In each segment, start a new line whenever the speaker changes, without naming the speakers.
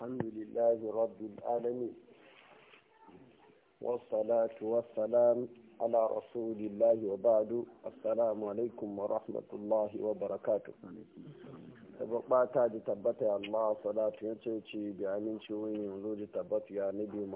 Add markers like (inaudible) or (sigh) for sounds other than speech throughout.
الحمد لله رب العالمين والصلاة والسلام على رسول الله وبعد السلام عليكم ورحمة الله وبركاته tabbata da tabbata ya Allah salatu ya ce ci bi aminci yanzu da tabbata ya nabi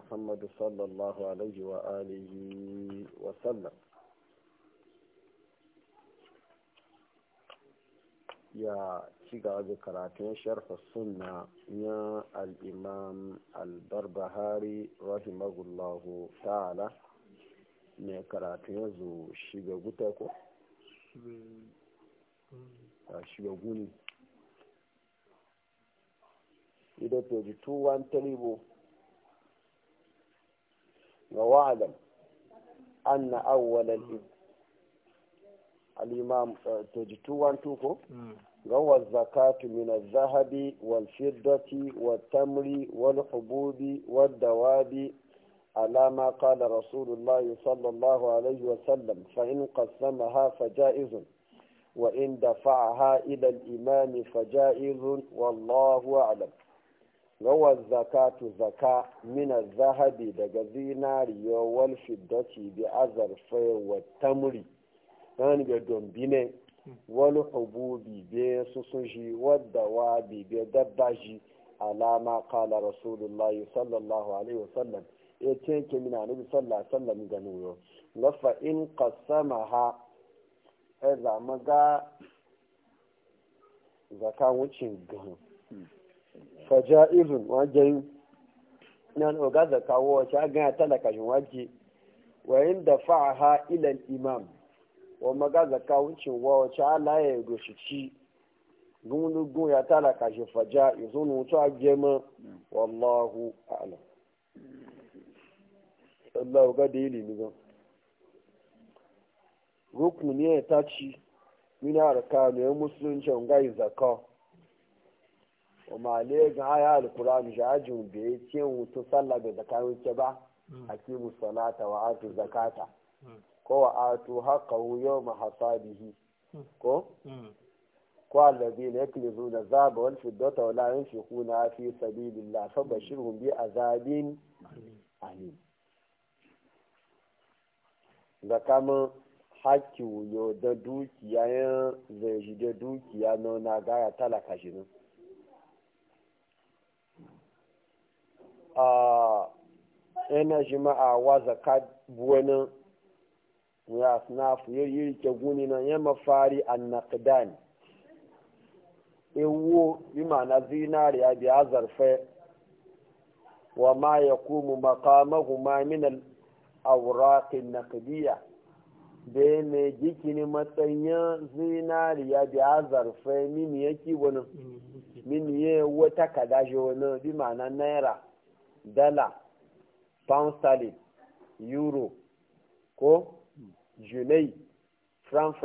ya ci gaba da karatun sharfa sunna ya al'imam albarbahari rahimahullahu ta'ala ne karatun yanzu shiga guta ko? shiga guni ida peji 213 ga wa'adam an na awwalar al'imam 2212 ko wasu zakatu min zahabi wal fiddati wal tamri wal hububi wal dawabi alama kala rasulullahi sallallahu alaihi wasallam fa'in ha faja'izun وإن دفعها إلى الإمام zakatu zaka mina zahabi daga zinari من الذهب دقى زينار والفضة بأزر والتمر kan be dombine wal hububi be susuji wadawa bi be dabbaji alama kala rasulullah sallallahu alaihi wasallam ya e ce ke mina nabi sallallahu alaihi wasallam e ga nuno lafa in qasamaha za maga zaka wucin gan faja'izun wajen nan o ga zaka wa ta ga talaka jin waje wa in da dafa'aha ha al-imam wa magaza kawuncin wa wacce ala ya yi doshi ci gun ya tala kashe faja ya zo na mutu a gema wallahu a'lam Allah ga da ilimi zan rukun ne ya a mina arka ne musulunci ga yi zaka wa ma male ga haya alkurani shajin da ya ce mutu sallah da zakawun ke ba mm. a kimu salata wa atu zakata mm. ko wa atu haka yawma mahasabihi hmm. ko hmm. ko allazina yaklizuna zaba wal fiddata wa la yunfiquna fi sabilillah fabashirhum bi azabin alim da kama wu wuyo da dukiya ya zai da dukiya na na gara talaka shi ne. Ah, a yana jima'a wa zakat buwanin ya asnafu ya yirke guni nan ya mafari annaqdan ewu bi ma'ana zinariya bi azarfe wa ma yaqumu ma min al-awraq naqdiyya da ne jikini matsayin zinariya bi azarfe min ki wani min ye wata kadaje wani bi ma'ana naira dala pound yuro, euro ko junai franc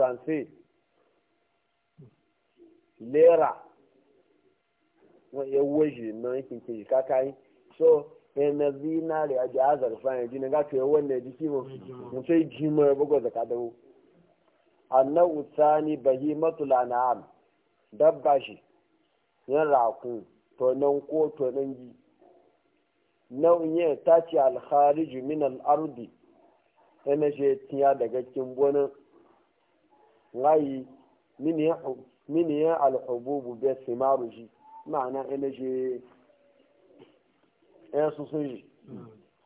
lera wọ́n yẹ wọ́ọ̀ṣì náà kìkì kákà yín so ẹnna bí náà rẹ̀ ọjà azàrìfà yẹn ji. ni gàtú ẹwọ́ náà di kí mo mo fẹ́ ẹ gbogbo àná bàyí yẹn ń kó ń yí. náà yẹn ardi ene je tiya daga cikin gona ngayi mini ya mini ya alhububu be simaru ji ma'ana ene je ya e susu ji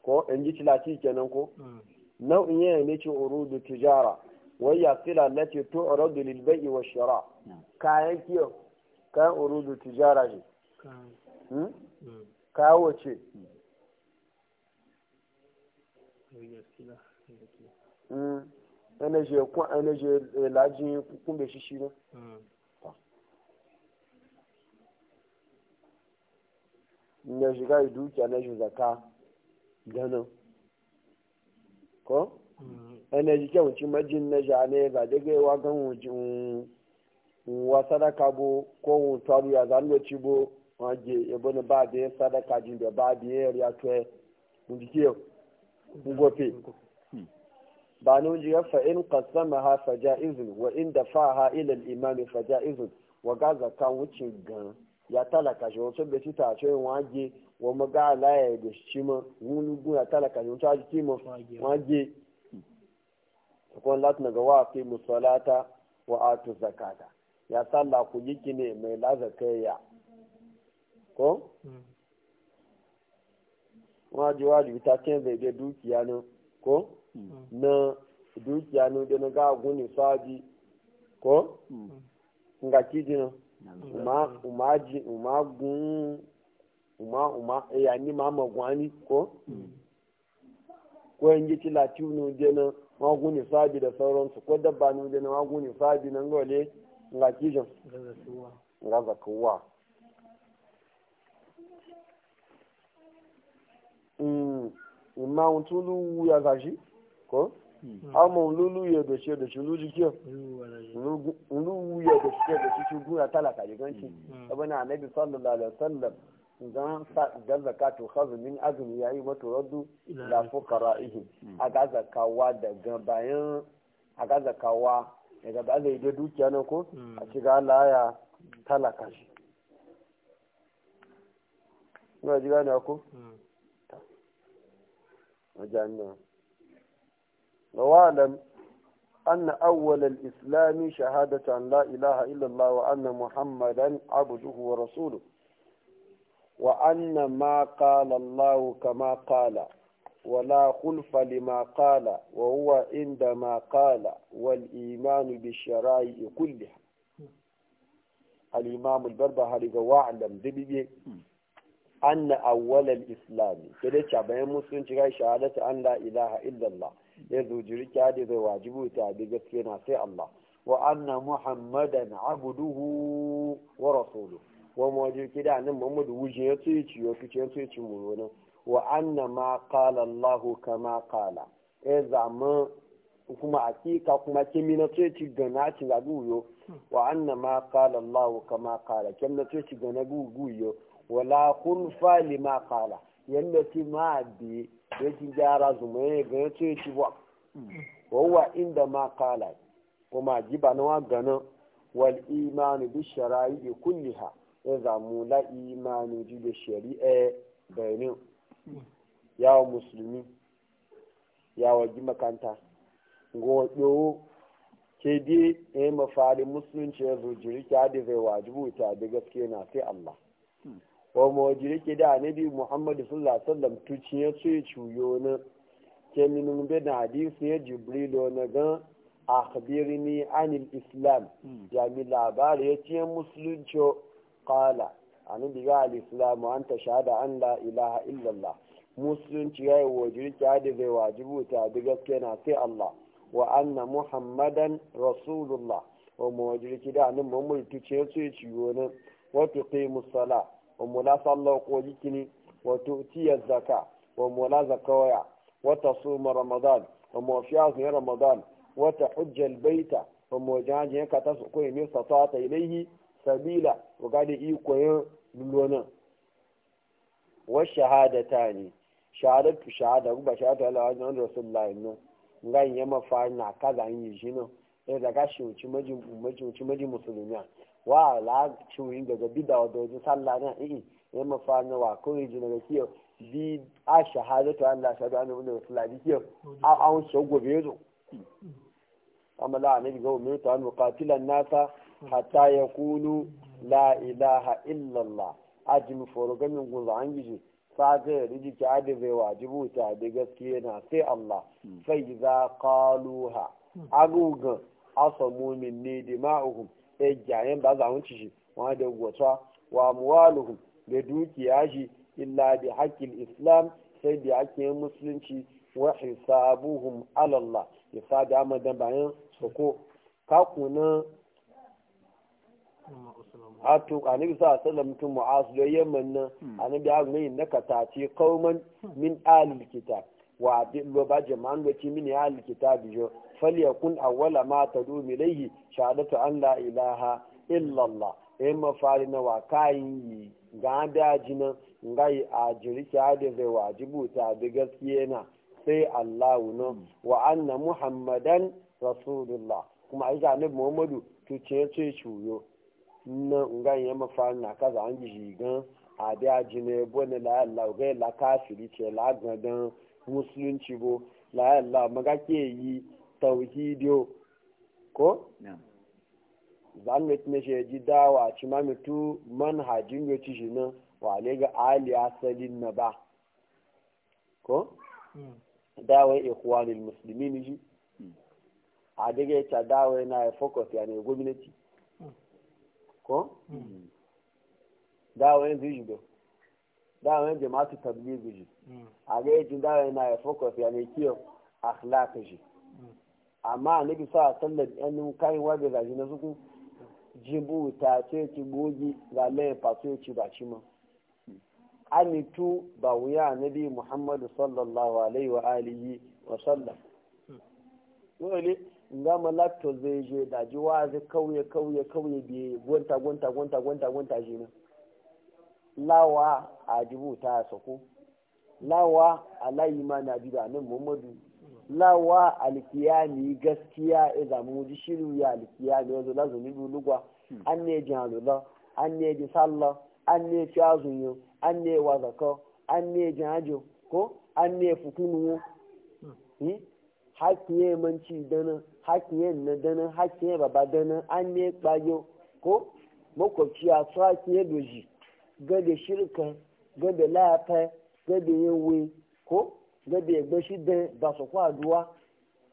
ko in ji tilati kenan ko mm. nau'in yana ne ce urudu tijara wai ya na ce to urudu lilbai wa shara mm. kayan kiyo kayan urudu tijara ji kawo hmm? mm. ce ẹnẹ ṣe kún ɛlajin ṣe làájì kún bẹ ṣíṣí náà. na shiga dukiya na shi zaka ganin ko kɛ hmm. ji kyau ci majin na ja ne ba da gaiwa gan wujin wa sadaka bo zan bo e sadaka bani nun ji fa in qasamaha fa ja'izun wa in dafaha ila al-imam fa ja'izun wa gaza kan wuce gan ya talaka shi wato be ci ta ce waje wa maga la ya da shi ma wani guna talaka shi wato aji kima waje kun latin ga wa fi musalata wa atu zakata ya salla ku yi kine mai lazakaya ko waje waje ta ce bai da dukiya ko Hmm. na dukiya ne da na ga gune saji ko hmm. nga kiji na uma uma ji uma gun uma uma ya ni ma ma gwani ko hmm. ko in ji tilati nu je na ma gune saji da sauransu ko dabba nu je na ma gune saji nan gole nga kijin nga zakuwa Mm, ma un tulu ya zaji? ko hmm. ama olulu yɛ dɔsi yɛ dɔsi olu jikiyɔ olu wu yɛ dɔsi yɛ dɔsi ti gun atala ka yɛgɛn ti ɛbɛ na anabi sallallahu alaihi wa sallam ngan sa gan zakatu khazu min azumi yayi wato raddu ila fuqara ihim hmm. aga zakawa da gan bayan aga zakawa daga ba zai je dukiya nan ko hmm. a shiga laya talaka shi ina ji gane ko ta wajen واعلم أن أول الإسلام شهادة أن لا إله إلا الله وأن محمدا عبده ورسوله وأن ما قال الله كما قال ولا خلف لما قال وهو عندما قال والإيمان بالشرائع كلها الإمام البربهاري واعلم ذبيه anna awwalal islami kada cha bayan musulunci ga shahadatu an la ilaha illallah ya zujiri ka da zai wajibu ta bi gaske na sai Allah wa anna muhammadan abduhu wa rasuluhu wa mawajir kida nan muhammadu wuje ya tsaye ci ya fice ya tsaye ci mu nan wa anna ma qala Allah kama qala e zama kuma akika kuma kimi na tsaye ci gana ci ga guyo wa anna ma qala Allah kama qala kim na tsaye ci gana guyo wala kulfa lima kala yanda ti ma bi ci gyara zuma ya ga yace ci wa wawa inda ma kala kuma ba na ganin wal imanu bi shara'i ha ya zamu la imanu da shari'a bayanin yawon musulmi yawon ji makanta godo ke di ya eh, yi mafari musulunci ya zujiri ki hadi zai wajibu ta da gaske na sai Allah wa mawajiri ke da anabi muhammadu sallallahu alaihi wasallam tuciye su ya cuyo na ke minun na hadisi ya jibrilu na gan akhbirni anil islam hmm. ya mi labari ya ce musulunci kala anabi ga al islam an ta shahada an la ilaha illallah musulunci ya yi wajiri ke hadi zai wajibu ta bi gaske na sai allah wa anna muhammadan rasulullah wa mawajiri ke da anabi muhammadu tuciye su ya ciyo na wa tuqimus salat wa mula sallah ko jikini wa tu'tiya zaka wa mula zakawaya wa tasuma ramadan wa mawfiya su ramadan wa tahujja baita wa mawjaji yanka ta su ko ne ta ilayhi sabila wa gadi iko yin lulona wa shahadatani shahadatu shahada ba shahadatu ala wajen rasulullahi no yi yama fa na kaza yin shi no eh daga shi uci majin musulmiya wa la chuin daga bida da wajen sallah na eh ya mafana wa kawai ji daga kiyo bi a ta Allah shahadu anna sallah rasulullahi kiyo a an shago be zo amma la ne ga mu ta an muqatilan nasa hatta yaqulu la ilaha illa Allah ajin forogamin gunza an gije saga rijiki adabe wajibu ta da gaskiya na sai Allah sai za qaluha agugan asamu min ne dima'uhum e ba za hunci shi wa da gwata wa muwaluhum da dukiya shi illa bi haqqil islam sai bi haqqin musulunci wa hisabuhum ala Allah hisabi amma da bayan soko ka kuna hatu annabi sa sallam tun mu'az da yamman nan hmm. annabi ya na nakatati kauman min alil kitab wa bi lo ba jama'an da min alil kitab jo falyakun awwala ma tadu milaihi shahadatu an la ilaha illallah in fari na wa kayin yi ga daji nan ngai a jirki da zai wajibu ta bi gaskiya na sai Allahu na wa anna muhammadan rasulullah kuma ai ga nabi muhammadu to ce ce shuyo na ngai ya fari na kaza an ji gan a daji ne bone la Allah ga la kafiri ce la gadan musulunci bo la Allah maga ke yi tauhidiyo ko? zan mai tuna shi ji dawa ci mamitu manhajin ya ci shi nan wale ga ali asalin na ba ko? Hmm. dawa ya ikwanin musulmi ne hmm. shi a daga ya ta dawa na ya e focus ya ne gwamnati hmm. ko? dawa yanzu do dawa yanzu masu tabbizi shi a ga ya ji dawa na ya e focus ya ne kiyo akhlaq shi amma annabi sa sallar yan kai wa da zaji na zuku jibu ta ce ki bogi ga lai fato ci ba ci ma anitu ba wuya nabi muhammadu sallallahu alaihi wa alihi wa sallam dole nga malakto zai je da ji wa zai kauye kauye kauye biye gwanta gwanta gwanta gwanta gwanta shi ne. lawa a jibu ta sako lawa alayima na bi da nan muhammadu lawa alkiyami gaskiya e mu ji shiru ya alkiyami wazo lazo ni lugwa hmm. an ne ji halula an ne ji salla an ne fi azunyo an ne wazako an ne ji hajo ko an ne fukunu hmm. hmm? hakiye manci dana hakiye na dana hakiye baba dana an ne kpayo ko makwabci a su hakiye doji gade shirka gade lafa gade yawe ko gẹ́gẹ́ ẹgbẹ́ sí dẹ́ basọ̀kọ́ àdúrà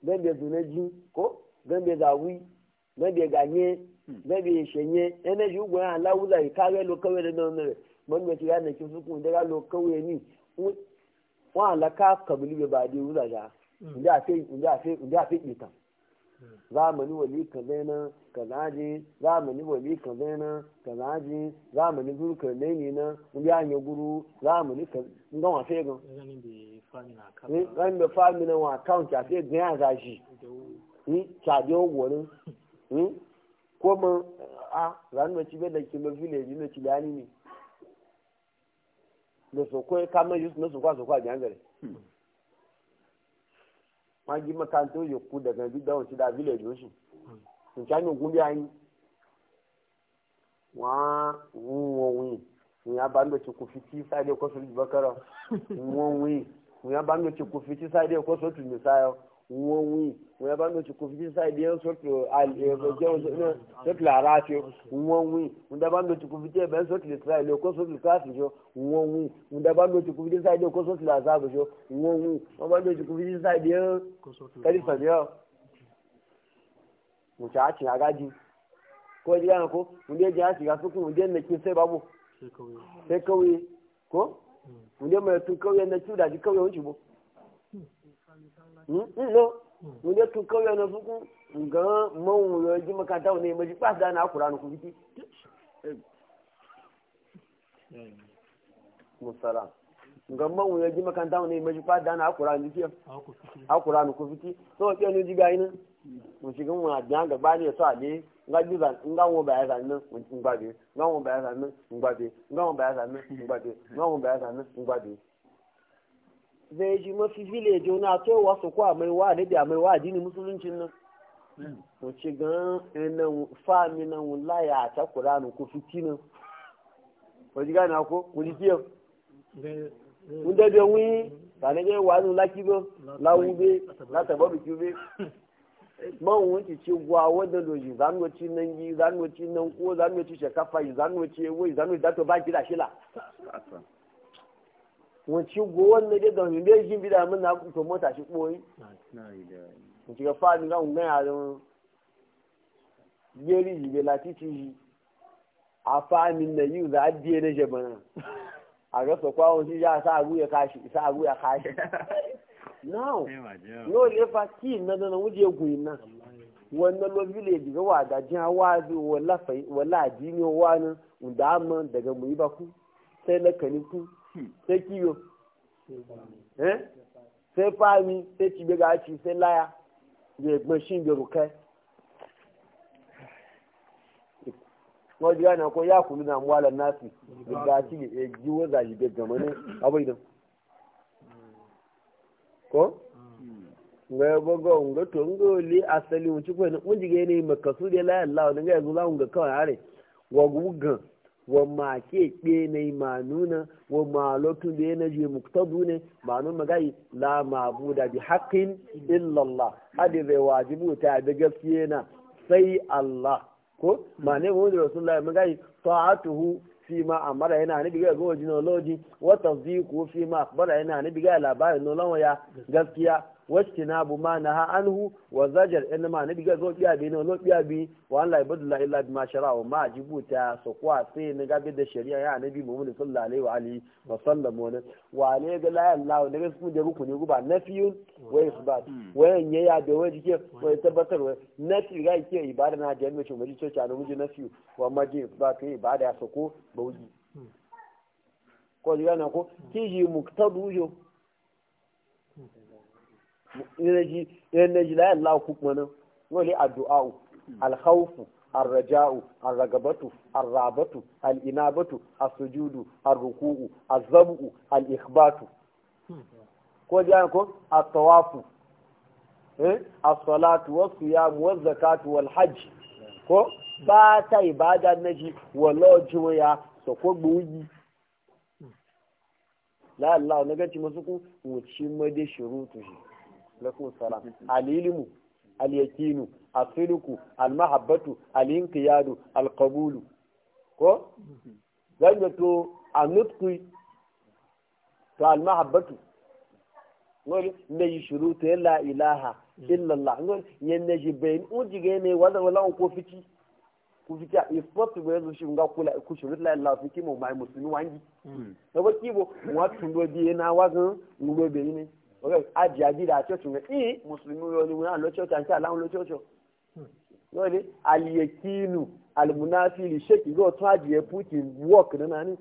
gẹ́gẹ́ dùnẹ́jì kó gẹ́gẹ́ dàwí gẹ́gẹ́ gànyẹ gẹ́gẹ́ ìṣẹ̀nyẹ ẹnẹ́sì ugbọ̀n yà láwùlà yìí kárẹ́ ló kọ́wé lẹ́nu ọ̀nà rẹ̀ mọ́nùmẹ́ ti yá nàìjí fúnkún ìdẹ́gà ló kọ́wé ní wọ́n àlàkà kàbílì bẹ̀ bàdé wúlà yá ǹjẹ́ àfẹ́ ìtàn zamani wali kaza na kaza je wali kaza na na mun ya gan ran da fami na wa account ya sai gina ga shi ni chaje ko mun a ran da cibe da kilo village ne ci dani mi. da so yi ka ma yi, na so kwa so kwa jangare ma ji makanto yi ku daga bi da wanci da village shi in cha ni gumbi ayin wa wo wi ni abando ci ku fiti sai ko sun bakara wo wi wọ́n bá ń lò tìkú so sísáìdì ẹ̀kọ́ sọ́tù nìsáyọ wọ́n wí wọ́n bá ń lò tìkú fi sísáìdì ẹ̀ sọ́tù sọ́tù àràfi wọ́n wí wọ́n bá ń lò tìkú fi tí ẹ̀bẹ̀ sọ́tù nìsáyọ ẹ̀kọ́ sọ́tù káàfì jọ wọ́n wí wọ́n bá ń lò tìkú fi sísáìdì ẹ̀kọ́ sọ́tù làzáàbù jọ wọ́n wí wọ́n bá ń lò tìkú fi sísáìdì ẹ̀ kẹ́lifàdì ẹ̀ mùsàácì ko kó ẹ̀dí yára kó wọ́n dé jẹ́ àṣìkà sókùn wọ́n dé mẹ́kí sẹ́ bábù wunde mai tun na tuda ji kauye wuce bo no wunde tun na suku nga mawun yo ji makata maji ba da na akura ku fiti musala nga mawun yo ji makata maji da na ku so ke ji ga ina ba ne so a ne nga juza nga wo ba yaza nan ngba bi nga wo ba yaza nan ngba bi nga wo ba yaza nan ngba bi nga wo ba yaza nan ngba bi zai ji mafi village na to wa su kwa mai wa da mai wa dini musuluncin nan to hmm. ci gan eh, nan fa mi nan wallahi ta qur'ani ku fitina ko ji gana ko ku ji kiyo mun da da wi ba ne ga wa nu lakibo lawu be la tababu kibe (laughs) man wanki ce gwa wadda loji zanwaci nan gi zanwaci nan ko zanwaci shakafa yi zanwaci ewo yi zanwaci dato ba da shila wanci go wanne dai da wani dai jin da mun na to mota shi koyi wanci ga fa ni ga un ganya don yeri yi be lati ci yi a fa min na yi za adiye na jabana a ga so kwa wanci ya sa agu ya kashi sa agu ya kashi now yau le fa ki na na wuje guyin na wannan lo village ga wada jin hawa wala fai wala wa wani da ma daga mu yi ba ku sai lakani ku sai kiyo eh sai fami sai cibe ga ci sai laya da egbon shi bi rukai wọ́n jẹ́ àná kó yá kùnú náà mú àlọ́ náà sí gbogbo àti èjì wọ́n zàyí gbẹ̀gbẹ̀ mọ́ ní ko hmm. Nga bo go nga to ngoli asali wuci ko ne unjige ne makasu de la Allah ne ga zula unga kawai are wa gugan wa ma ke pe ne ma nuna wa ma lotu de ne je muktadu ne ma nun magai la mabuda bi haqqin illa Allah hadi be wajibu ta da gaskiya na sai Allah ko ma ne mu da rasulullahi magai ta'atuhu fi ma amara yana ni biga ga wajen oloji wata ziku fi ma akbara yana ni biga labarin nolawa ya gaskiya wacce na bu ma na anhu wa zajar in ma na biga zo biya bi na lo biya bi wa Allah ibadu la illa bi ma shara wa ma jibuta so kwa sai ni gabe da shari'a ya nabi muhammad sallallahu alaihi wa alihi wa sallam wa wa ne ga la Allah ne ga su da ruku ne guba nafiyu wa isbat hmm. wa yanya ya da wai dike wa tabbatar wa nafi ga ke ibada na da mu mu ce ta mu ji nafiyu wa ma ji kai ibada ya so ko bauji hmm. ko ji na ko kiji muktadu yo energy la Allah ku kuma nan wani addu'a alkhawfu الرجاء الرغبة الرابة الإنابة السجود الركوع الزبع الإخبات ko ji ko at-tawafu eh? salatu was-siyam waz-zakatu wal-hajj ko ba ta ibada naji wallo juya so ko gbuyi la Allah na ga ci musu ku mu ci ma de alaikum salam alilimu alyakinu asiliku almahabbatu alinqiyadu alqabulu ko zanga to anutqi to almahabbatu ngol ne shurutu la ilaha illa allah ngol yen ne jibain jige ne wala wala ko fiti ku fiti a isport bo yanzu shi nga kula ku shurutu la ilaha fiti mo mai musulmi wangi to hmm. ba kibo wa tundo bi na wazan ngulo be ne ọ̀rẹ́ àjì àjìdá àtọ́tù rẹ̀ kí mùsùlùmí rọ ni wọn lọ́tọ́tù àti aláwọn lọ́tọ́tù lọ́ọ̀dẹ́ àlìyé kíínù àlùmùnáfíìlì ṣèkì rọ̀ tún àjìyẹ púùtì wọ́ọ̀kì náà ní.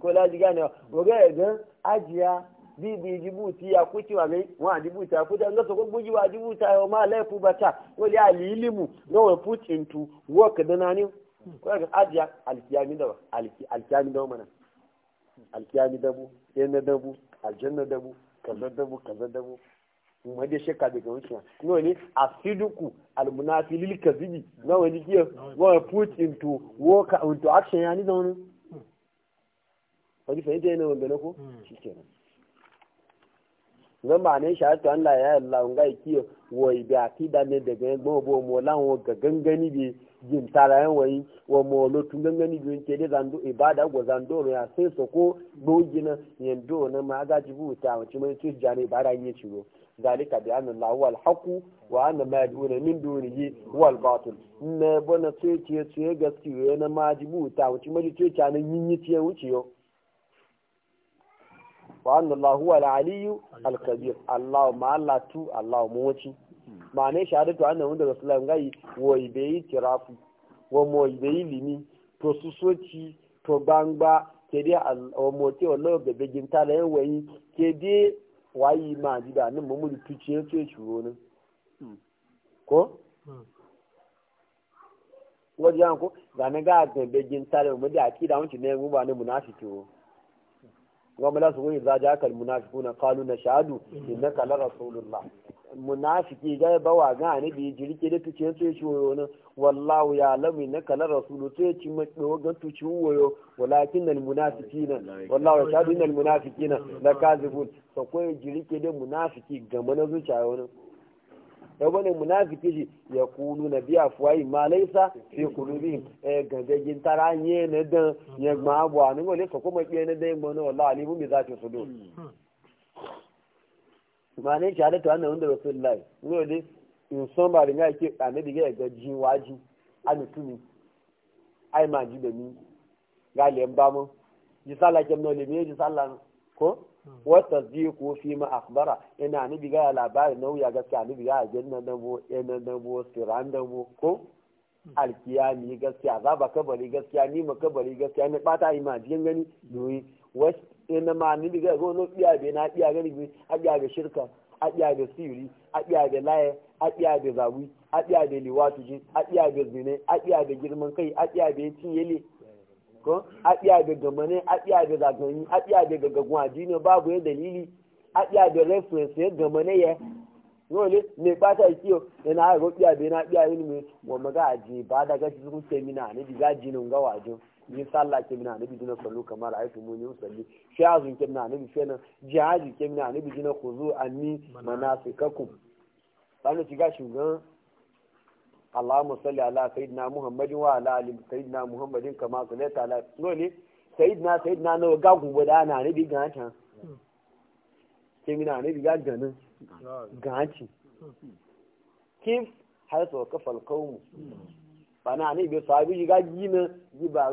kó láti gánà ọ̀rẹ́ ẹ̀dán àjìyá bíbi jìbùtì àkútì wà mí wọn àdìbùtì àkútì lọ́sọ̀ gbogbo yìí wà jìbùtì àyọ̀ máa lẹ́ẹ̀kú bàtà wọ́n lé àlì ìlímù lọ́wọ́ put into work dáná ní kọ́ẹ̀kan àjìyá àlìkíyàmídọ́wọ́ àlìkíyàmídọ́wọ́ mọ́nà aljanna dabu kaza dabu kaza dabu kuma dai shakka daga wucewa no ne asiduku almunafi lil kazibi nawa ne kiyo wa put into work into action yani da wani hmm. wani fahimta yana wanda na ko hmm. shi kenan zama ne shahatu an laye ya Allah ga e kiyo wai da ti da ne daga gbo bo mo lan wo ga gangani bi jin yan wai wa mo lo tun gangani bi ke e da zando ibada go zando ro ya sai so ko gbo jina do na ma ga ji ta wa ci mai ci jani ibada yin ci ro zalika bi anna Allah wal haqu wa anna ma yad'una min dunihi wal batil ne bona ce ce e, gaskiya na ma ji ta wa ci mai ci ta yin yi ci wuce yo wa anna Allah huwa al-aliyyu al-kabir Allah ma Allah tu Allah mu wuci ma ne rasulullahi ngai wo tirafu wo mo limi to susoci to kedi wo mo ti olo bebe jinta le weyi wayi ma ni mo mu ko ga na ga bebe jinta le mo di akida won ti ne ba ne munafiki wo goma la su goyi za ja kal munafiquna qalu shahadu innaka la rasulullah munafiki ga ba wa ga ne bi jirke da tuce su ya shoyo ne wallahu ya lamu innaka la rasulu to ya ci mato ga tuce woyo walakin al munafiqina wallahu yashhadu innal munafiqina na kazibun ko jirke da munafiki ga mana zuciya wani da wani munafiki ji ya kulu na biya fuwayi ma laisa fi kulubi e, gagagin tara nye na dan ya gba abu a nuna lesa kuma biya na dan gbana wala alibu bi za su do ma ne shahadatu annan wanda rasulullahi nuna dai in son ba da ke annabi ga ga jin waji a mutumi ai ma ji da ni ga lemba mu ji sallah kem no ji sallah ko Mm. wata zai ko fi ma akbara ina ni biga ya labari na wuya gaskiya ni biga ya na dabo ina dabo siran dabo ko mm. alkiyami gaskiya za ba kabari gaskiya ni ma kabari gaskiya ni bata yi ma jin gani doyi wasu ina ma ni biga ko no biya be na biya gani bi a biya ga shirka a biya ga siri a biya ga laye a biya ga zawi a biya ga liwatuji a biya ga zine a biya ga girman kai a biya ga tinyele ko a iya da gamane a iya da zagani a iya da gagagun addini babu ya dalili a iya da reference ya gamane ya yole ne ba ta kiyo ina ha go iya be na iya ilimi wa maga aji ba da gashi su kuke mina ne diga jinin ga wajo ni sallah ke ne bi dina sallu kamar ayatu mu ne usalli shi azun ne bi nabi fena jihadi ke ne bi dina khuzu anni manasikakum ba ne shiga shugan Allahumma salli ala sayyidina Muhammadin wa ala ali sayyidina Muhammadin kama sallaita ala ngoli sayyidina sayyidina no ga gubo da na ne biga ta ke mina ne biga ganin kif har so kafal qawm bana ne bi sahabi ga jina ji ba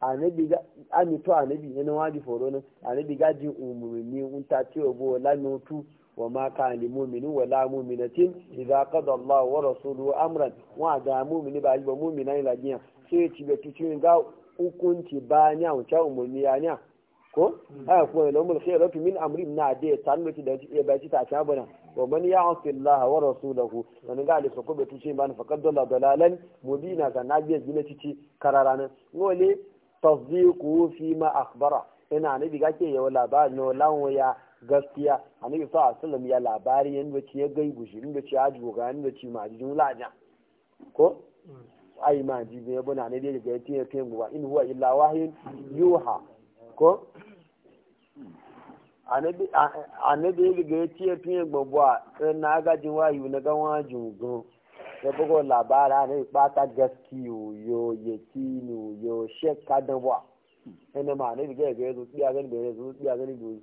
anabi ga ami to anabi ne wadi foro ne anabi ga ji umurni unta ti obo lanu tu وما كان لمؤمن ولا مؤمنة إذا قضى الله ورسوله أمرا وعدا مؤمن بعد مؤمن إلى جهة سيتي بتشين قاو hukunci banya wuce umarni ya ne ko a kuma ilo mul khairu min amri na de ti da ba ti ta ta bana wa man ya'si Allah wa rasulahu dan ga le ko be tuce ban faqad dalla dalalan mubina ga nabiya gina cici kararanan ngole tasdiqu fi ma akhbara ina ne ga ke ya wala ba no lawo ya gaskiya annabi sa sallam ya labari yanda ci ya gai gushi inda ci ya joga ci ma ko ai ma ji ne buna ne daga ya tiye guba in huwa illa wahyin yuha ko annabi annabi daga ya tiye guba na ga jin na ga wajin go ya bugo labara ne bata gaskiyo yo yakinu yo shekka da wa ma ne daga zo tsiya gani da zo tsiya gani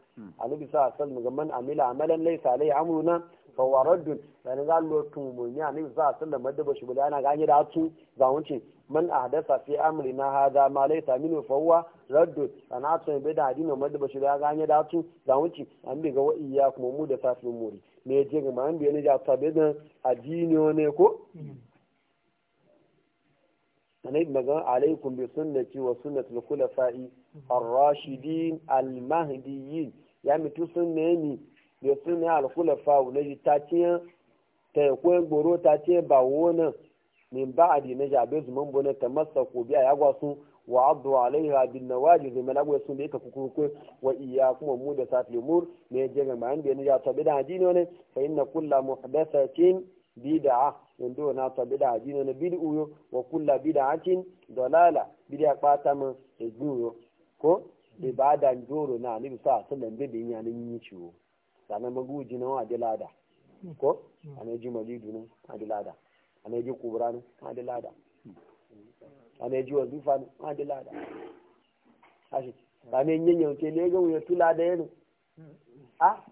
annabi sa sallam ga man amila amalan laysa alai amruna fa huwa raddun dan ga lotun mun ya annabi sa sallam madda bashi bula ana ganye da su ga wuce man ahdasa fi na hada ma laysa minhu fa huwa raddun ana tun bai da hadin madaba bashi bula ga da su ga wuce an bi ga wa kuma mu da safin muri me je ga man bi ne ja sabe da addini ne ko sanai magan alaikum bi sunnati wa sunnatul khulafa'i ar-rashidin al-mahdiyyin ya mitu sun ne ni da sun ne alkula fa na ji ta ciye ta yi koyan goro ta ciye ba wona min ba a dina jabe su man bone ta masa ko biya ya gwasu wa abdu wa bin nawaji zai mana gwa sun da yake kukurkun wa iya kuma mu da safi mur ne ya je ga mayan da ya nija ta da haji ne wani fa inna kulla muhdathatin bid'a yanzu na ta da haji ne wani uyo wa kulla bid'atin dalala bid'a kwata ma ya ko ibada joro na ni sa sallan da bin yanin yi ciwo sanan maguji na wa dilada ko ana ji malidu na a dilada ana ji kubra na a dilada ana ji wazifa na a dilada ashi ana tula da a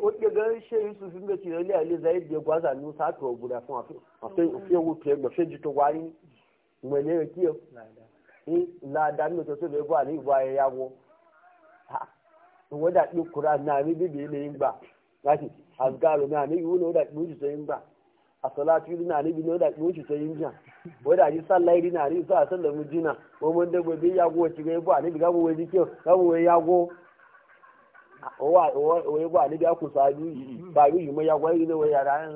wadda ga su sun da liyali zai ya gwaza nusa ta wa guda fún àfihàn òfin ládàá nínú tuntun lè wà ní ìwà ẹ̀yáwó ìwọ́n dàbí kura náà ní bíbí ilé ń gbà láti àgàrò na ní ìwúlò ó dàbí òṣìṣẹ́ ń gbà àsọláàtú a náà níbi ní ó dàbí òṣìṣẹ́ ń jà wọ́n dàbí sálà ìlú ya ní ìfẹ́ àtẹlẹmú jìnnà wọ́n mọ ndégbò bí yàgò ya ń bọ̀ àníbi káwọn wọ́n dikẹ́ káwọn wọ́n yàgò òwò bi àníbi àkùsọ àbí bàbí yìí mọ yàgò ìlú wọ́n ya ẹ̀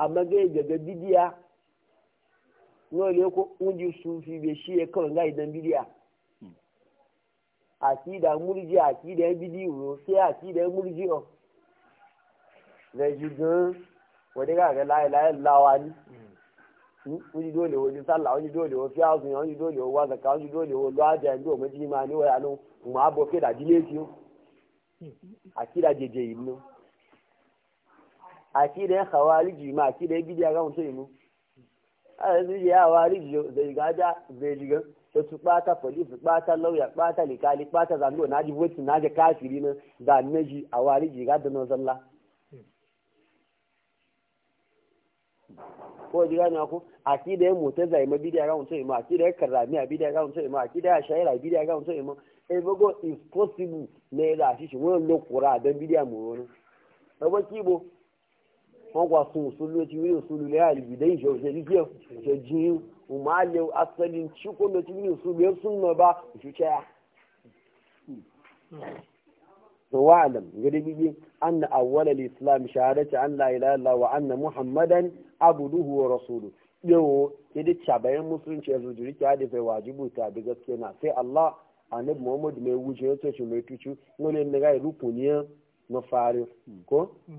amma ga gaga bidiya nawa ne ko unji sufi bai shi ya kawai ga idan bidiya hmm. akida murji akida bidiyo sai akida murji'o zai ji gan wani gaga layi-layin lawa ni wani hmm. hmm, dole wani sallah wani dole wani fiyasun wani dole wani wazaka wani dole wani lwaja yanzu wani jima ni wani anu ma abokai da dile fiyo akida jeje yi no a akidan khawariji ma akidan bidiya ga mutum mu a yanzu ya khawariji zai gada zai shiga ta su bata police bata lawyer bata likali bata zango na ji wacce na ji kafiri na da naji a wariji ga da zalla ko ji gane ku akidan mutazai ma bidiya ga mutum mu akidan karamiya bidiya ga mutum mu akidan shaira bidiya ga mutum mu e bago is possible ne da shi shi wannan lokura dan bidiya mu wani Ebo kibo, wọ́n wà sun òṣòlù etí wí òṣòlù lẹ́yà ìbìdẹ́ ìṣe òṣèlú díẹ̀ òṣèjì òmà lè asẹ́lì ṣíkó lọ́tí wí òṣòlù ẹ̀sùn náà bá òṣìṣẹ́ yá. wa alam gari anna islam an la ilaha wa anna muhammadan abduhu wa rasuluhu yawo ke da musulunci wajibu na ya ce mai tucu ngole ne ga ko mm.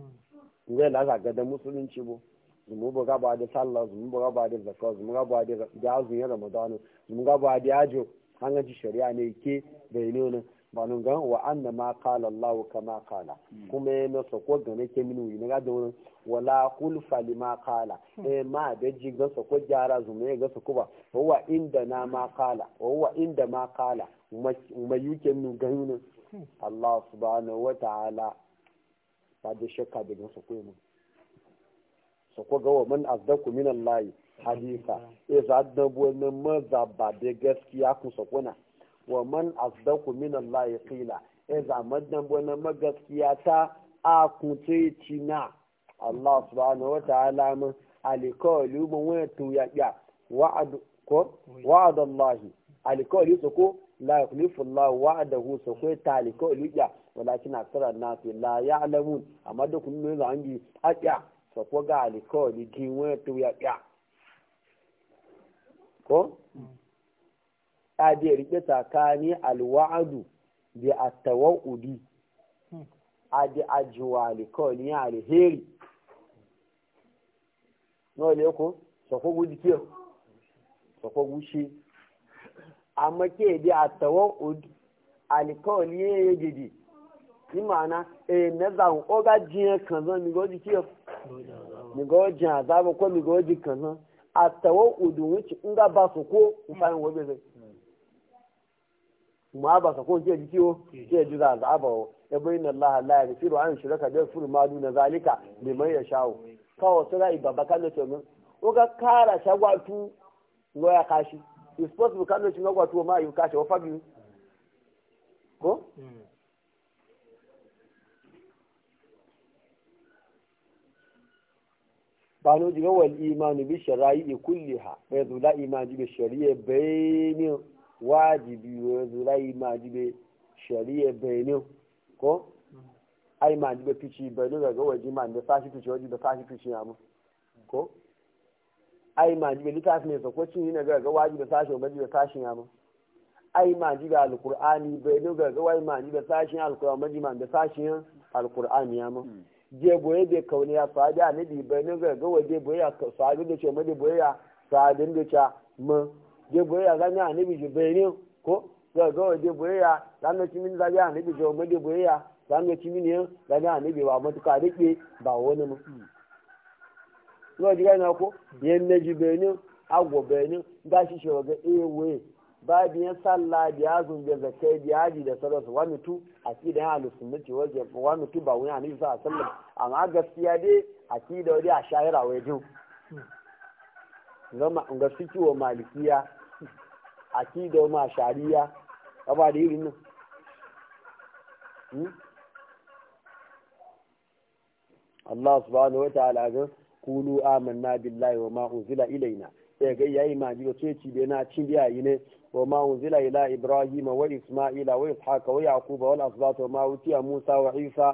ngai la za da musulunci bo zumu buga ga ba da sallah zumu buga ga ba da zakka zumu ga ba da jazu ya ramadan zumu ga ba da ajo hanga ji shari'a ne ke bayani ne ba nun ga wa anna ma qala allah kama qala hmm. kuma yana so ko ga ne ke minu ne ga da wurin wala kulfa lima qala hmm. eh ma da ji ga so ko jara zumu ya ga so ko huwa inda na ma qala huwa inda ma qala mai yuke nu ga yunin hmm. allah subhanahu wa ta'ala ba shakka daga su ko mu su ga wa man azdaku min Allah hadisa e za da wani maza ba da gaskiya ku su kuna wa man azdaku min Allah qila e za madan wani magaskiya ta a ku ce Allah subhanahu wataala mun alikawli mun wani tuyaya wa'ad ko wa'adallahi alikawli su ko la yakhlifu Allah wa'adahu su ta talikawli ya walakin Na nasi la alamu. amma da kun nuna zangi a ya so ko ga alikawali din wani to ya ya ko a da rike tsakani alwa'adu bi at-tawa'udi a da ajiwa alikawali ya alheri Na le ko so ko guji ke so ko gushi amma ke bi at-tawa'ud alikawali ya gidi ni ma'ana eh na zan oga jiyan kanzan mi goji kiyo mi goji azaba ko mi goji kanzan a tawo udu wuce in ga ba su ko in fa yin wobe zai ma ba su ko ke ji kiyo ke ji za azaba o ya e bayyana Allah la ya gafiru an shiraka da furu ma duna zalika liman ya shawo kawo sura ibaba kan da tomin oga kara shagwatu ngoya kashi is possible kan da shagwatu ma yi kashi wa fabi ko hmm. ba no diga wal imanu bi shara'i kulliha bai zula imani bi shari'a bayani wajibi wa zula imani bi shari'a bayani ko hmm. ai ma ji fici bai no daga ji ma da sashi wa waje da sashi fici ya mu ko ai ma ji litafi ne sokoci ne daga waje da sashi waje da sashi ya mu ai ma ji ga alqur'ani bai no daga wa ma ji da sashi alqur'ani ma da sashi alqur'ani ya mu hmm. je boye bai kauni ya sahabi annabi bai ne ga gawa je boye ya da ce ma je boye ya da ce ma je boye ya zanya annabi je bai ko ga je boye ya zanya cimin zanya annabi je ma je boye ba matuka dake ba wani mu ko ji ga na ko ne ji bai ne agwo bai ne shi ga eh, babiyan sallah da yazun da zakai da yaji da sauransu wa mutu akida ya lusunnati wajen wa mutu ba wani annabi sallallahu alaihi wasallam amma gaskiya dai akida wani a shahira wajen in ga fiki wa malikiya akida ma shariya ba da irin nan hmm? Allah subhanahu wa ta'ala ga kulu amanna billahi wa ma unzila ilaina sai ga yayi ma ji ga ce ci na cin biya yi ne وما أنزل إلى إبراهيم وإسماعيل وإسحاق ويعقوب والأصباط وما أوتي موسى وعيسى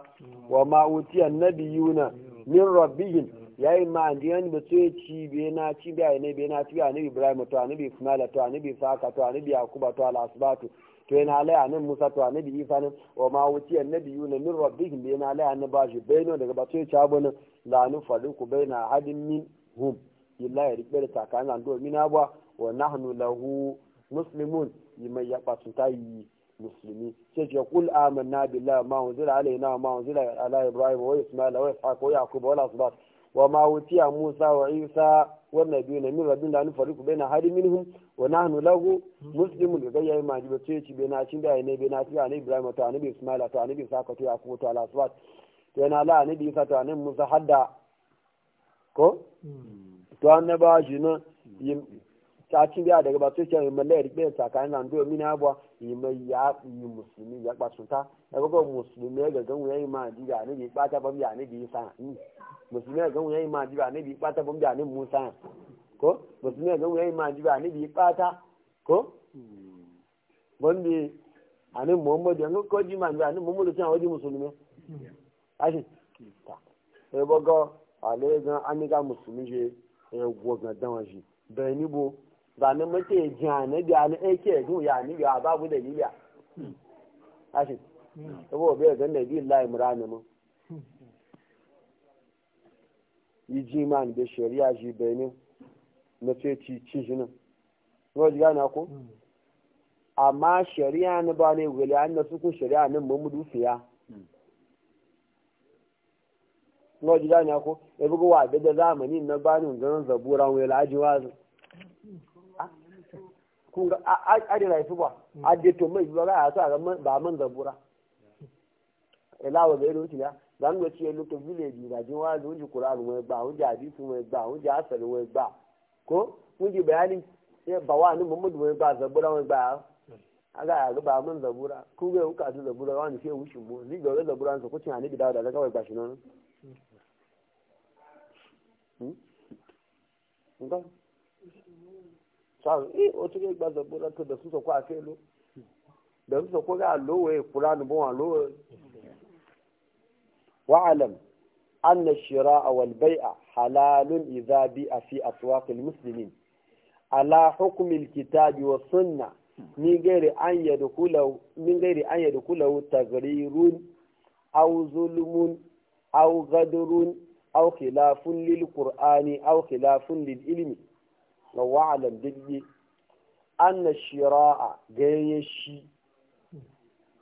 وما أوتي النبيون من ربهم يا إما عندي أن بتوي تشي بينا تي بينا نبي بينا تي أنا إبراهيم تو أنا بإسماعيل تو أنا بإسحاق تو أنا بيعقوب تو الأصباط تو yana لا nan موسى تو annabi Isa وما wa النبيون من ربهم بينا لا rabbihim bi بينه laya nan bashi لا نفرق بين cabo منهم la nu fariqu baina hadin min hum illa ya muslimun yi mai sun ta yi musulmi sai ce kul amanna billahi ma unzila alaina ma unzila ala ibrahim wa isma'il wa ishaq wa yaqub wa al-asbat wa ma utiya musa wa isa wa nabiyuna min rabbin la nufariqu baina hadin minhum wa nahnu lahu muslimun ga yayi ma jibo ce ci bena cin da ne bena ci ne ibrahim ta annabi isma'il ta annabi isa ta yaqub ta al-asbat to yana la annabi isa ta annabi musa hadda ko hmm. to ba shi na cacin biya daga ba sai mai mallaya rikpe da tsakanin nan domin mini abuwa yi mai ya yi musulmi ya kwasu ta da baka musulmi ya gagan ya yi ma ji ga nabi bata bam ya nabi sa musulmi ya gagan hmm. ya yi ma ji ga nabi bata bam ya nabi musa ko musulmi ya gagan ya yi ma ji ga nabi bata ko hmm. bambi ani muhammadu yanzu ko ji ma ji ani muhammadu sun hawa ji musulmi ashin ta ebe ga ale gan an ga musulmi je ya e gwogan dawa shi bai ni bo zanen mace jana biya na ake zu ya ni biya babu dalila ashin sabo bai ga layi mura ne mu yi jiman da shari'a ji bayani na ce ci ci jina ko ji gana ko amma shari'a ne ba ne wali an da su ku shari'a nan mu mu dufiya ko ji gana ko e bugu wa da zamanin na bani ganin zaburan ajiyar ajiwa Mm. a ga adi raifu ba adi e to mai e, ba ga ta ga ba man zabura ilawa da e irin ya zan ga ciye lokacin village ga jin wa ji wuji qur'an mai ba wuji hadisi mai ba wuji asali mai ba ko wuji bayani ba wa ni muhammadu mai ba zabura mai ba aga ga ba man zabura ku ga ku azu zabura wa ni sai wushin mu ni ga zabura sa ku cin ani da da kawai ba shi nan sáwọn ẹ o tún lè gba zọgbó náà tó dẹ̀sùn sọ̀kọ́ àfẹ́ ló dẹ̀sùn sọ̀kọ́ gà lówó ìkúra nìbó wọn lówó. wa'alam anna shira'a wal bai'a halalun idza a fi aswaqil muslimin ala hukmil kitabi wa sunna min gairi an yadkhulu min gairi an yadkhulu tagrirun aw zulmun aw ghadrun aw khilafun lil qur'ani aw khilafun lil ilmi na wa'alan dibbe an na shira'a ganyen shi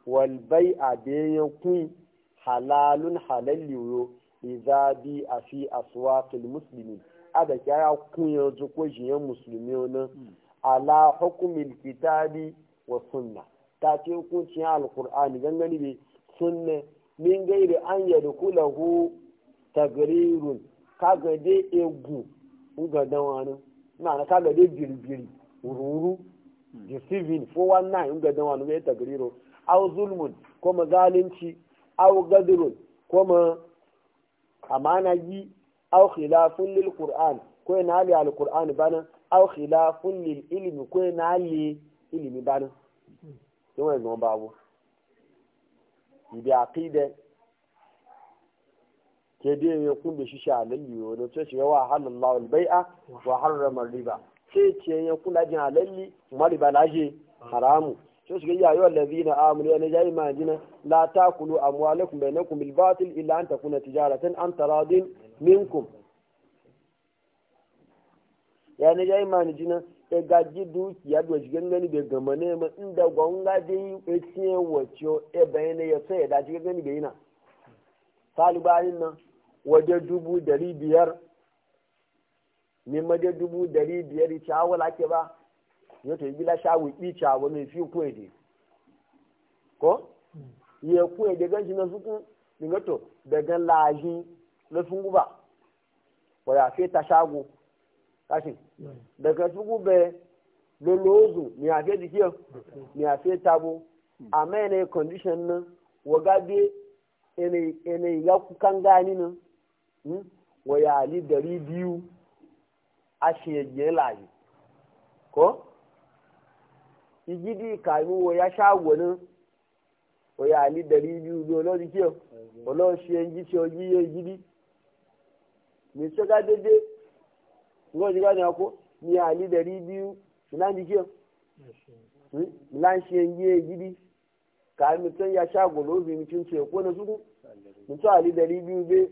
walbai a ganyen kun halalun halalliyo iza bi a fi aswaqil muslimin ada kyara kun yanzu ko jiyan musulmi wani ala hukumin kitabi wa sunna ta ce hukuncin alkur'ani gangani ne sunna min gairi an yadkulahu tagrirun kaga dai egu ugadan wani. ma'ana kaga dai girgiri ruru deceiving 419 ga dan wani ya tagriro aw zulmun ko mazalunci aw gadrun ko ma amana yi aw khilafun lil qur'an ko ina ali al qur'an bana aw khilafun lil ilmi ko ina ali ilmi bana yawan no babu ibi aqida ke biyan ya da shi shi alalli wani sai shi wa halallahu albai'a wa harrama riba sai ce ya da jin lalle kuma riba laje haramu sai shi ya yawa lazina amuru ya najayi jina la takulu amwalakum bainakum bil batil illa an takuna tijaratan an taradin minkum ya najayi jina e gaji dukiya da shi gangani bai gama ne ma inda gwanga dai ya ce wacce e bayana ya sai ya dace gangani bai yana talibanin nan waje dubu dari biyar ni maje dubu dari biyar ita wala lake ba yau to gila shawu ica mai fi kuwa de ko ya kuwa de ganshi na suku dinga to daga laji na sun guba wa ya fi ta shago kashi daga su gube lolozu ni a fi jikiyar ni a fi tabo na yanayi condition nan wa gabe yanayi ya kukan gani nan wayali dari biyu a shege layi ko igidi kanu waya shagonin wayali dari biyu bi olórí kí o ṣe ń jíṣe ojú yé igidi ní sọ́gá dédé ngọ́ ìjọba ni ọkọ ní àlí dari biyu ìlànà kí o ìlànà hmm? ṣe ń yé igidi. ka mi ya sha golo bi ce ko na ali dari biyu be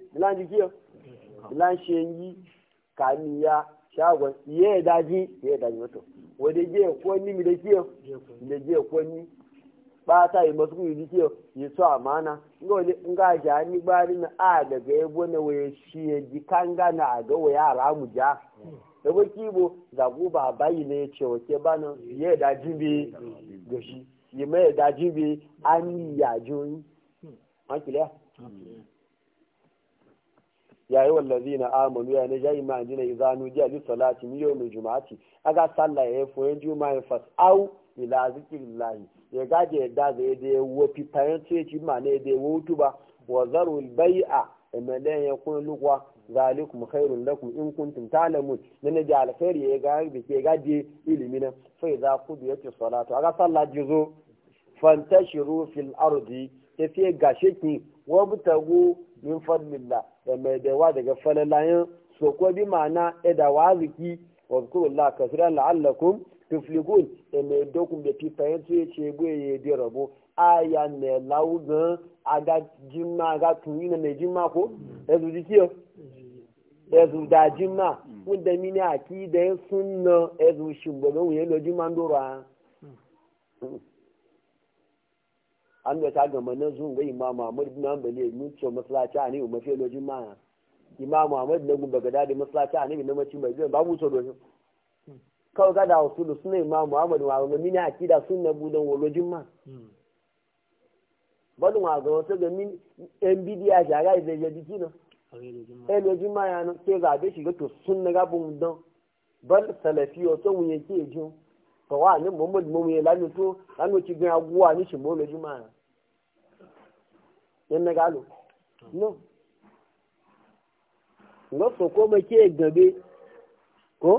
ya sha go ye daji ye daji wato wo de je ko ni mi de kiyo je ko ni ba ta yi masu kuyi so amana nga ja ni na a daga ebo na we shi ye ji kanga na ga we ja da kibo zagu ba yìí mẹ́ ìdájú bi á ní ìyàjú yín wọ́n kìlẹ̀. yayi wallazi na amanu ya ne jayi ma jina izanu ji ali salati mi yau mai juma'ati aga sallah ya fo yin juma'a fas au ila zikrillahi ya gaje da zai da wo fi parents ci ma ne da wo tuba wa zaru bai'a amalan yakun lugwa zalikum khairun lakum in kuntum ta'lamun nan da alkhairi ya ga bi ke gaje ilimi na fa idza qudiyati salatu aga sallah jizo fantashiru fil ardi ya fiye gashe ki wa tagu min fadlillah da mai dawa daga falalayen so ko bi ma'ana da waziki wa zikrullah kasiran la'allakum tuflihun da mai dokun da fifayen su ya ce gwe ya bi rabo aya ne laugan aga jimma aga tuni na mai jimma ko ya zuji kiyo ya da jimma wanda mini aki da ya sunna ya zu shi gwagon lo jimma ndoro a an da ta gama nan zuwa ga imam Muhammad bin Hanbali mun ce masallaci a ne mu mafi lojin ma imam Muhammad na gumba ga dadi masallaci a ne na mace mai zai babu to lojin kawai gada wasu suna imam Muhammad wa ga mini akida sunna budan lojin ma bọ́dù wọn ga tó gbé mí nbd àṣàrà ya dídí na ẹlòjú máa ma ya ẹgbẹ́ àbẹ́sì ga sún nígbà bóun dán bọ́dù sẹlẹ̀ fi ọ̀tọ̀ wọn yẹn mun yake wọn. sọ̀wọ́ àní mọ́mọ́dé mọ́mọ́ yẹn lánàá tó lánàá ti gbin agbó wa ní ṣùgbọ́n lójúmọ́ àná yẹn mẹ́ga lò nọ. ǹgọ́ sọ̀kọ́ mọ kí ègàn e bẹ kó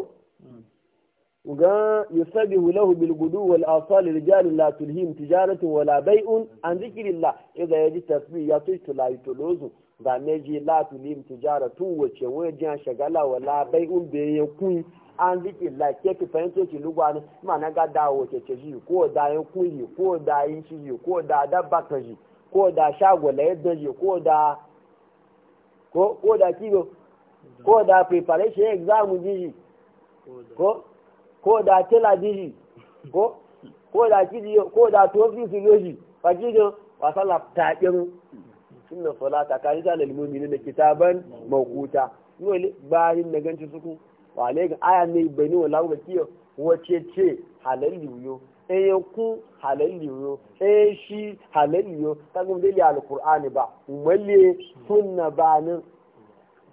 ǹgán hmm. yusufu hulahu gudu wal asali rijalu la tulhim tijaratu wala bai'un an zikirilla idza yaji tasbih ya tutu la yutuluzu ga neji la tulhim tijaratu wace wajen shagala wala bai'un bai yakun an zike lake ki fahimce ki lugwani ma na ga dawo ke ji ko da yin kuyi ko da yin shi ko da dabba ka ji ko da shago la yadda ji ko da ko da kigo ko da preparation exam ji ji ko ko da tela ji ji ko ko da kiji ko da tofi su yoji fa kigo wa sallah ta kin sunna salata kan ta lil mu'minina kitaban mawquta dole ne da ganci suku wa alaikum aya ne bani wala ga kiyo wace ce halal liyo eh ku halal liyo eh shi halal liyo kaga ba malle sunna ba nan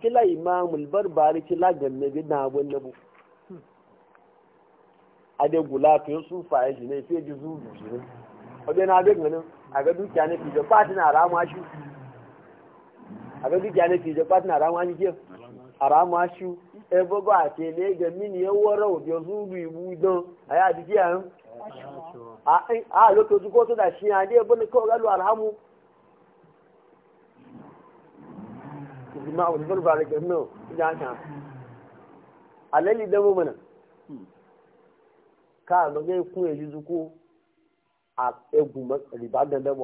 kila imamul barbari kila ganne gidan abun nabu ade gula to su faye shi ne sai ji zuru shi ne wajen na ganin a dukiya na fijo pati na rama shi ebogo àti eléyìí mi ni ẹ wọ́rọ̀ òbí ọ̀sùnrù ìwú dán àyà àdìjí à ń. a ló tó dà sí i àdé ẹbọ́n kọ́ ọ̀gá lu alẹ́ lè dẹ́wọ́ mọ̀nà. káà lọ́gẹ́ kún èyí dúkú egun rìbá dandan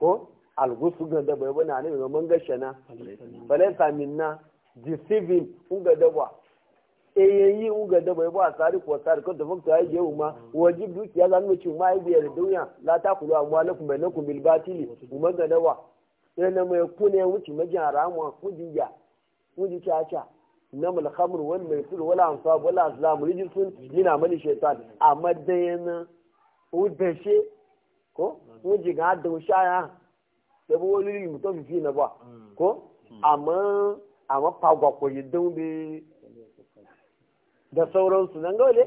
kó àlùkò sùn dandan náà àlẹ́ ìrọ̀mọ́ ń gẹ̀ṣẹ̀ náà. bẹ̀rẹ̀ sàmì náà. deceiving uga dawa yi uga dawa ba asari ko asari ko da fakta ai jewu ma wajib ya zan ci ma ai da duniya la ta kulu amma lakum bainakum bil batili kuma ga dawa na mai kune wuce majin haramu kujiya kuji caca nam al khamr wal maisir wal ansab wal azlam rijsun min amali shaytan amma dayana udashe ko kuji ga da ya da bo wani mutum fi na ba ko amma amma fagwa koyi don bi da sauransu nan wale.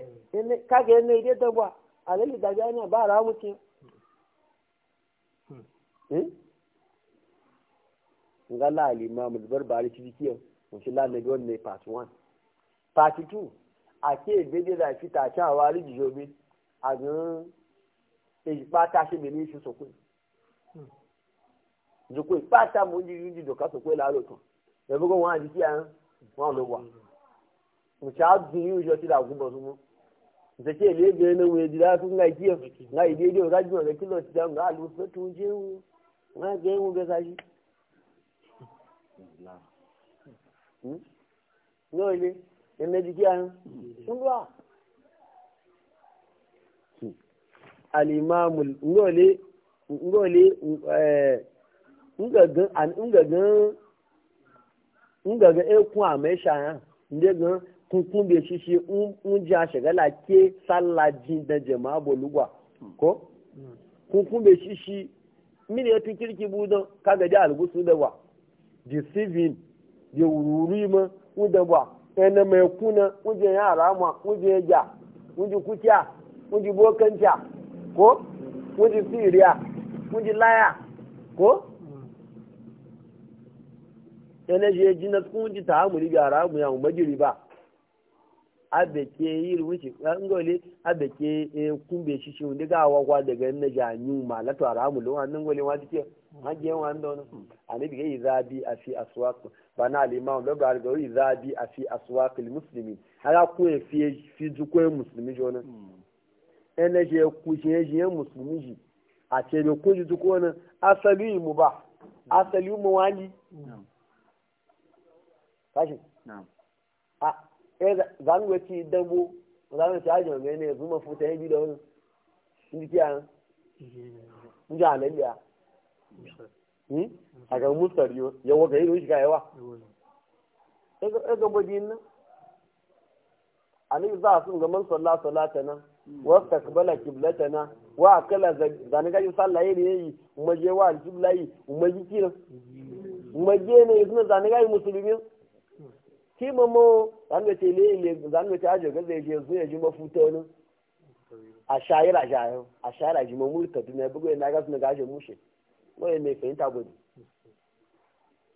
kaga yana ide ta ba alali da jani ba ra mutum hmm? nga la alima mu bar bari ci dikiyo mu ci la ne ne part 1 part 2 ake bede da fi ta cha wari jijobe a gan e pa ta se be ni si sokun jukwe pa ta ji ji sokwe la ẹ̀bùn kan wọn àti kí àrùn wọn ló wà nṣà dùn yóò yọ sí làgùn bọ̀ súnmọ́ nṣèké èlé ègbè ní wọn èdè láti fún nàìjíríà nga ìdí èdè ọ̀gá jùlọ rẹ̀ kílọ̀ ti dáhùn gáà ló fẹ́ tó ń jẹ́ wọn wọn àgbẹ̀ ń bẹ sáyé. ní òye alimamu in gaga e kun a mai shaya inda ga kunkun bai e shi shi in ji a shagala ke sallajin da jama'a bolugwa ko kunkun bai e shi shi mini ya e fi kirki budon kaga da algusu da wa di sivin di wururi ma uda wa ena mai kuna uje ya rama uje ja uje kuciya uje bokanciya ko nje siriya uje laya ko yana je ji na kun ta amuri ga ramu ya umma riba abeke yiri wuce ngole abeke e, kun be shi shi wanda ga wagwa daga na janyu malatu ramu lo wannan gole wa dike hajje wa ando no anabi ga izabi afi aswaq bana al imam lo ga ga izabi afi aswaq ku e fi fi ju ko muslimi jona ene e ji a ju ko kashi a eh za mu ci dambo za mu ci ajiyar mai ne zuma futa ya bi da wani inda kiya mun hmm? ji halaliya a ga mustari yawa ga yi shiga yawa ya ga bajin nan alayhi za a sun ga man salla salata nan hmm. wa takbala kiblata nan wa kala zani ga sallah yayi yi umaje wa alqibla yi umaje kiran umaje ne yi suna zani ga musulmi ki mamo zanu ce le le zanu ce ajo ga zai je su ya ji mafuta wani a shayira shayo a shayira ji mamu ta duna bugo na ga suna gaje mushe wai mai fahimta gudu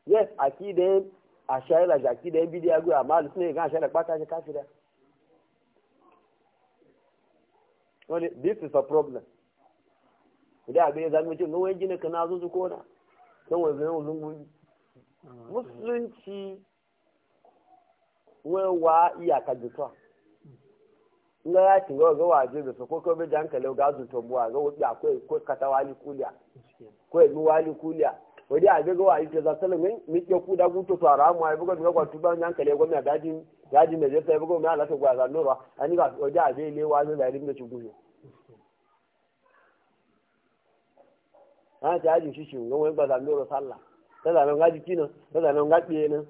yes akide a shayira ji akide bidiya gudu amma suna ga shayira kwata shi kafira wani this is a problem da abin zanu ce ngawai gina kana zuzu kona kan wanzu yanzu ah, musulunci wọn wa iyaka jituwa nga ya ci gawa gawa je da su ko ko bejan kale ga zu to buwa ga wuce akwai ko kata wali kuliya ko yi wali kuliya wadi a ga gawa ita za salamin mi ke ku da gutu to ara mu ai e bugo mi ga tuba nan kale e go mi gaji gaji me je sai e bugo mi ala to gwa za nura ani ga wadi a je le wa ne da rin da ci guyo ha ta ji shi shi ga wani ba za nura sallah ta da nan gaji kina ta da nan gaji ne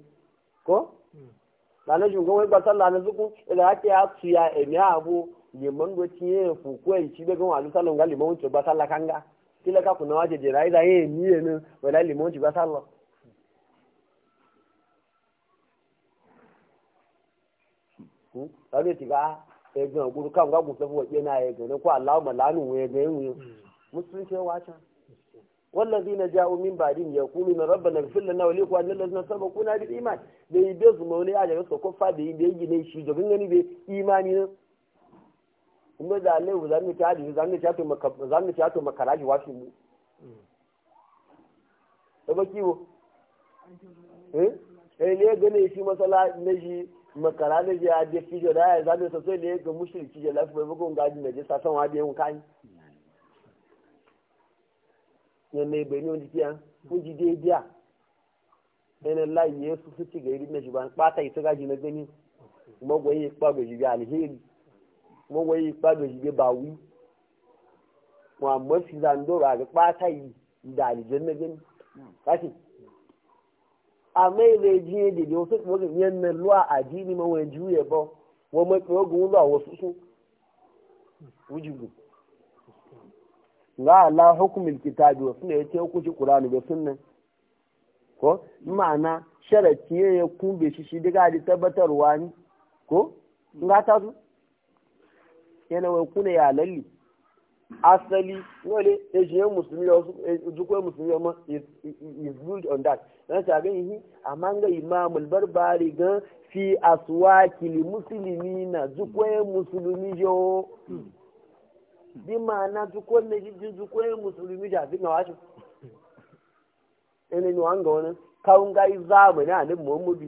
ko zane shugan wai ba sallah na zuku idan ake ya suya emi abu liman go tiye fu ko en ci be gon alu salon ga liman ci ba sallah kanga kila ka kuna waje je rai da ye ni ye ne wala liman ci ba sallah ku sabe ti ga e gan guru kan ga bu tafi waje na ye gan ko Allahumma lanu we gan mu hmm. musulunci wa can والذين جاءوا من بعدهم يقولون ربنا اغفر لنا ولإخواننا الذين سبقونا بالإيمان بي بيز مولي على يسو كفا بي بي جني شي جوغن غني بي إيماني kuma da Allah ba zan ta hadi zan ta to maka zan ta to maka raji washi mu da baki wo eh eh ne gane shi masala ne shi makara ne fijo da ya zan ta so ne ga mushriki ya lafi ba ko ngaji ne je sa san wa biyan kai ya mai bai ne jikiya kun ji dai biya ɗanin layi ya su su ci ga irin na shi ba ɓata ita gaji na gani magwayi ikpa ga shi alheri magwayi ikpa ga shi ba wi wa mafi zandoro a ga ɓata yi da alijan na gani kashi amma ya zai jiye da da wasu kuma zai yanna luwa a jini ma wani juya ba wa mafi wagun wasu su wujugu Nga ala hukumin kitabi wasu ne ya ce hukunci kuranu da nan? ko ma'ana sharafi ya ya kumbe shi shi daga da tabbatarwa ne ko nga ta zo yana wai kuna ya lalli asali wale ejiyen musulmi ya wasu zukwai musulmi ma is good on that yana ta gani yi amma ga imamul barbari ga fi aswaki musulmi na zukwai musulmi yo bí máa ná dúkọ́ méjì dúkọ́ mùsùlùmí jà náà wáṣọ. ẹni ni wọ́n gan ọ́nà káwọn ń gáyé záàmù ní mọ́mọ́bí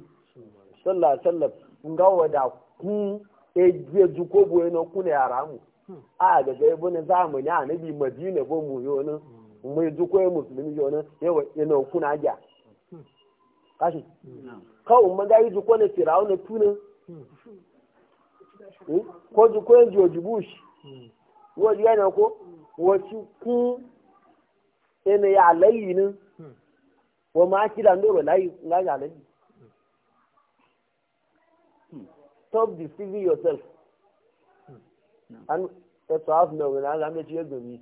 sọ́là sọ́là ń kún dúkọ́ bu ẹni ọkùnrin ara mu. a gẹ̀gẹ́ ẹbí ní záàmù ní àlẹ́ bí mọ̀dínà fún mu yóò ná mọ dúkọ́ mùsùlùmí yóò ná ẹni káṣí káwọn ń ní ní kó dúkọ́ ẹ̀ wani yana ko wasu kun ina ya layi ne wa ma kila ndoro layi nga ya layi stop deceiving yourself and that's half no when I am not going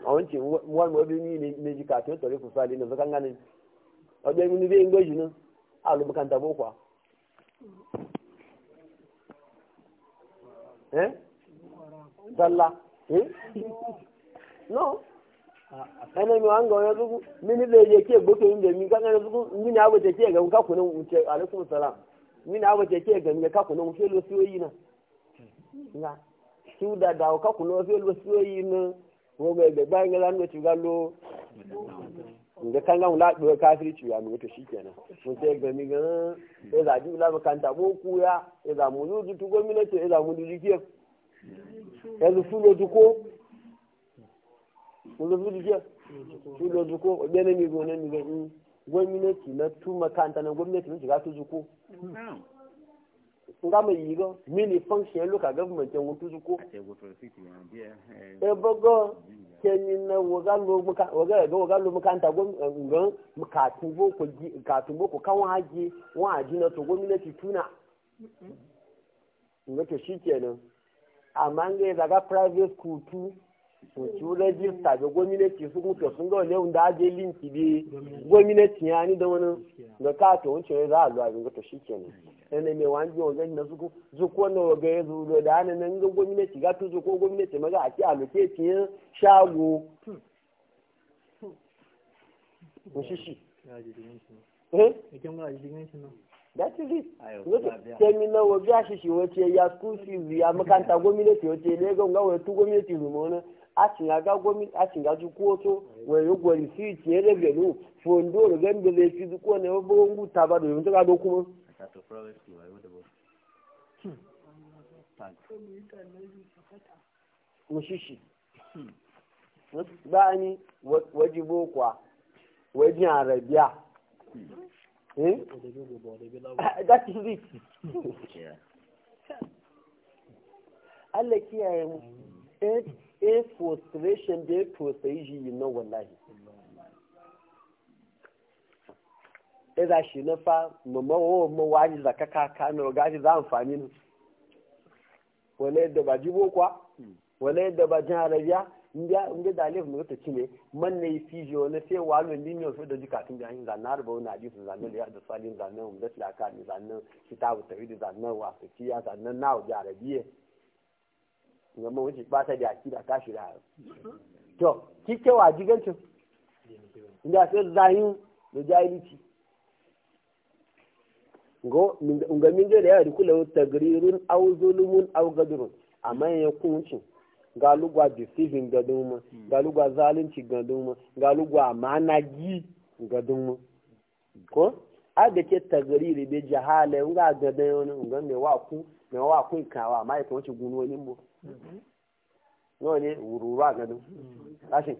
àwọn tí wọn mọ bí ní méjì kàtó tọrí fúnfà lẹnu fún kankan ní na ìmúni bí ń gbé zalla hm? no ẹni mi wàá ń gọ̀ọ́yọ́ dúkú mi nílé iye kí ègbókè yín lèmi kankan dúkú mi ní àwọn tẹ̀tẹ̀ ẹ̀gẹ̀ mi kákùnrin ń tẹ alẹ́kùn sọ̀rọ̀ mi ní àwọn tẹ̀tẹ̀ ẹ̀gẹ̀ mi kákùnrin ń lọ sí oyin náà tí ó dada ọ̀ kákùnrin ń fẹ́ lọ sí oyin náà wọ́n bẹ ẹgbẹ́ láti káfírí yanzu fulo duko fulo duko fulo duko na migo na mm. gwamnati na tu makanta na gwamnati mun shiga tu duko nga yi go mini function local government yan wutu duko e bogo kenyi na waga lo waga lo makanta gwamnati eh, ko ko kan waje waje na to gwamnati tuna shikenan amma ga daga private school tu to tu register ga gwamnati su kuma sun ga wani aje linki bi gwamnati ya ni da wani ga ka to wancan za a zuwa ga to shikenan sai ne mai wani wa gani na su su ko na ga ya da ana nan ga gwamnati ga to ko gwamnati maza a ci allocate ya shago mu shi shi eh shi that is it terminal wo bi asisi wo tie ya school fees ya makanta gominati wo tie lego nga wo tu ti rumo na atinga ga gomi atinga ju kuoto we yo go receipt ele gelu fondo ro gembe le fi ko ne wo bongu taba do nto ga dokumo mushishi bani wajibo kwa wajin arabiya Eh? Ah, that is it. Allah kiyaye mu. A eh, eh, frustration da ya tosayi shi yi nan wallahi. Ina eh, shi na fa mamawo oh, mawaji zaka ka na ga shi za amfani ne. Wale da ba jibo kwa, hmm. wale da ba jin harabiya, inda da alif mutu ne man ne fijiyo na sai walo linyo so da jika tun bayan zanna da bauna hadis zanna da da salin zanna mu da laka ni zanna kitabu tawhid zanna wa fiqiya na nawo da arabiye ngam wuce ba ta da akida da shi da to kike wa jigancin inda sai zahin da jahilci go ngamin da ya da kula tagrirun aw zulmun aw gadrun amma ya kuncin galugwa decision ga galugwa zalunci ga galugwa amana gi ko a da ke tagariri be jahala yau ga ga da yau ga me ku me ku kawa ma ya kawace gunu wani mbo no ne wurura ga dun ashin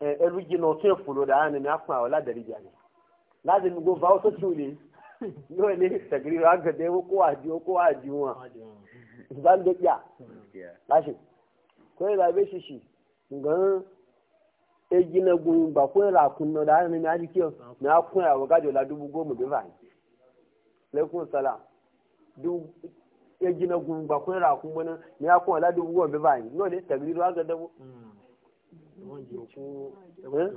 erugi no te fulo da ana na akwa wala da ne (laughs) zan da ya lashi ko ya zabe shi shi gan e gina gun ba ko ya kun no da ne na ji kiyo na kun ya waga da dubu goma da ba alaikum salam du e gina gun ba ko ya kun bana ne ya kun ala dubu goma da ba no ne tagriru aga da bu eh?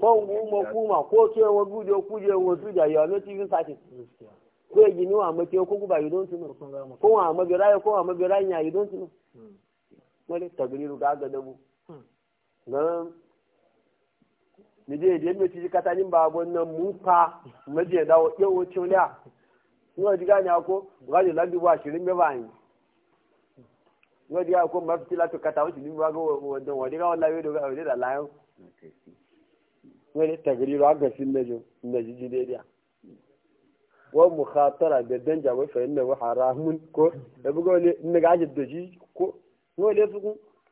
ko kuma ko ce wa gudu ku su da ya no tv satin ko gini wa mace ko guba yi don tuno ko wa mabira ya ko wa mabira ya yi don tuno wani tagriru ga ga dabu hmm. na ni je je mi ci kata nin babo nan mu maje da o yo ci ola ngo diga ni ako ga ni labi wa shirin be bani ngo diga ko mafti la to kata wuci nin wa ga wanda wa diga wallahi do ga wani da layo ngo tagriru ga sin jo ne ji ji dai wa mukhatara da danja wai fa inna wa haramun ko da bugo ne in ga aje doji ko no le su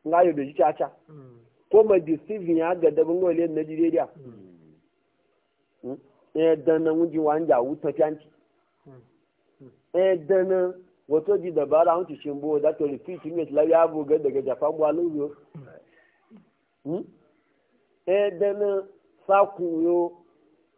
ga yo doji chacha ko ma sivin ya ga da bugo ne na jiredia eh dana wuji wanja wuta tanti eh dana wato ji dabara hunci shimbo da to repeat me la ya ga daga japan wa luyo hmm? eh dana sakuyo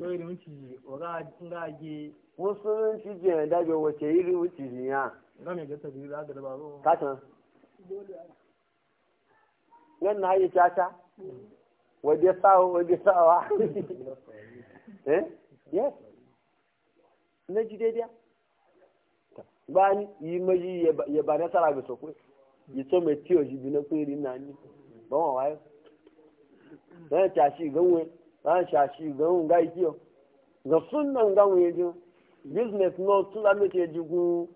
lórí wúcìjì ọ̀rá ńgáàjì. musulunci jẹ́ ẹ̀dájọ́ wọ̀ṣẹ̀ irú wúcìjì yẹn. lọ́nà ìgbésẹ̀ bí ládàá bá rò. kásán. lẹ́nu ayé chacha wọ́dẹ sáwọ́ wọ́dẹ sáwọ́ (laughs) ẹ́ yẹ́ méjì dédé báyìí yìí méjì yẹ bá nẹ́sàrà gbèsò pé yìí tó mẹ́ tí òjì bínú ran shashi gan ga ikiyo ga sunnan ga wuye jo business no tula me te jugu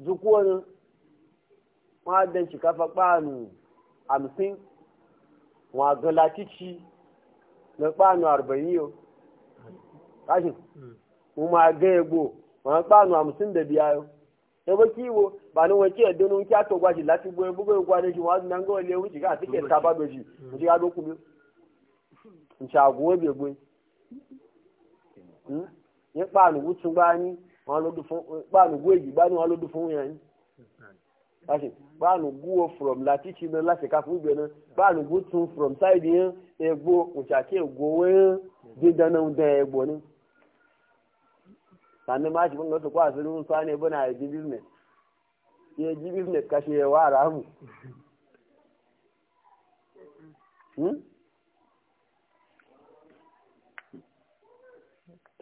jukuwa ne ma dan shi kafa kpanu hamsin wa ga na kpanu arba'in yo mu ma ga egbo wa kpanu hamsin da biya yo ebe kiwo ba ni wọn kí ẹdínú kí á tó gbajú láti gbó ebúgbó ìgbà ní ṣùgbọ́n àti náà ń gbọ́ ilé ewu ta ìṣàgùn òbègbè ní pààlùwù tún bá ní wọn lódún fún pààlùwù èyí bá ní wọn lódún fún yẹn ní. láti pààlùwù from láti ṣì náà láti ká fún ìgbẹ́ náà pààlùwù tún from side yẹn egbò òṣàkí ègbò wẹ́ẹ́ dídán náà dán egbò ní. sanni ma shi bunga su kwa su run sa ne bana ya ji business ya ji business kashe ya wara mu hmm?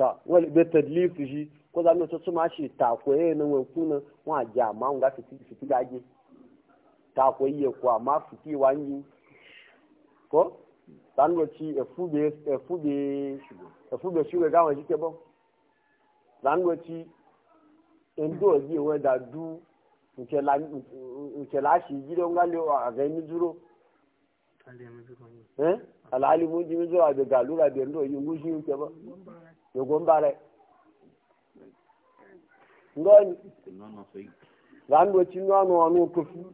ta wani bai tadlifu shi ko za ta suma shi ta koye na wanku na wa ja ma fiti gaje ta koye ko ma fiti wani ko dan ci e fube ga wa jike bo dan go ci en da du nke la gido nga a ga ni alali mu ji mi zo da galu ga yi mu shi ba yogon bare ngoni zandoci nono wani otofi